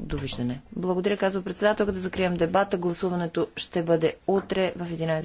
довиждане. Благодаря, казва председател, да закрием дебата. Гласуването ще бъде утре в 11.